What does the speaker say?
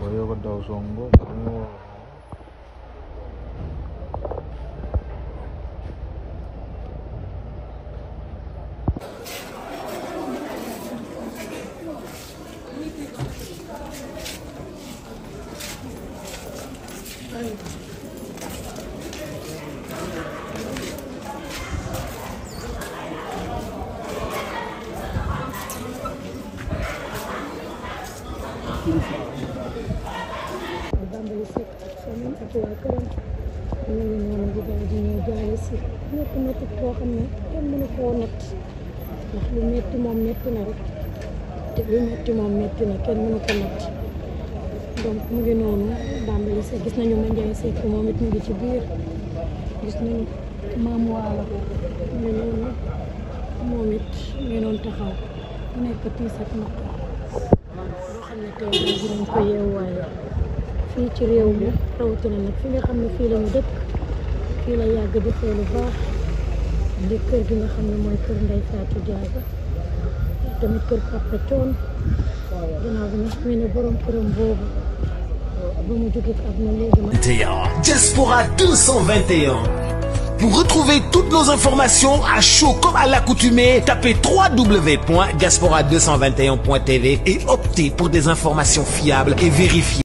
boyogodde osongo baliwo Thank you. Bambaly Seck ak famille ak waa këram ñu ngi noonu di daal di ñëw jaale si métti métti boo xam ne kenn mënu koo natt lu métti moom métti na kenn mënu ko natt gis nañu Mandiaye Seck moom it mu ngi ci biir gis nañu maam waala mu ngi noonu moom it ñu ngi noonu taxaw mu nekk tiis ak naqar loo xam ne tey fii ci réew mi rawatina nag fi nga xam ne fii la ñu dëkk fii la yàgg di fee lu baax di kër gi nga xam ne mooy kër Ndeye Fatou Diaga tamit kër Papa Thione ginnaaw bi nga xamee ne borom këram boobu ba mu jógee ak na léegi. Diaspora 221 Pour retrouver toutes nos informations à chaud comme à l'accoutumée, tapez www.diaspora221.tv et optez pour des informations fiables et vérifiées.